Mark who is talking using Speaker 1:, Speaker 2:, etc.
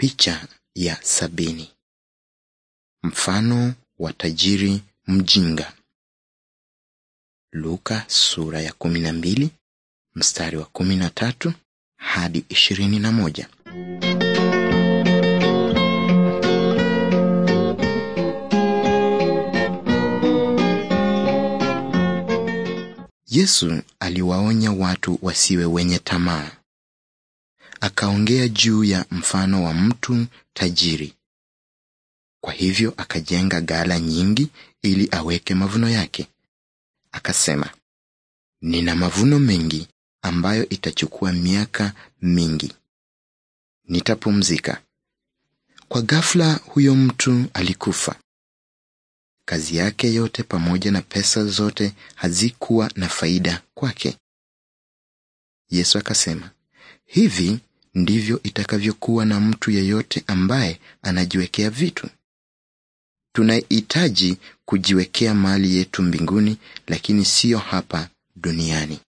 Speaker 1: Picha ya sabini. Mfano wa tajiri mjinga. Luka sura ya kumi na mbili mstari wa kumi na tatu hadi ishirini na moja. Yesu aliwaonya watu wasiwe wenye tamaa akaongea juu ya mfano wa mtu tajiri. Kwa hivyo akajenga ghala nyingi ili aweke mavuno yake. Akasema, nina mavuno mengi ambayo itachukua miaka mingi, nitapumzika. Kwa ghafla, huyo mtu alikufa. Kazi yake yote pamoja na pesa zote hazikuwa na faida kwake. Yesu akasema, hivi ndivyo itakavyokuwa na mtu yeyote ambaye anajiwekea vitu. Tunahitaji kujiwekea mali yetu mbinguni, lakini siyo hapa duniani.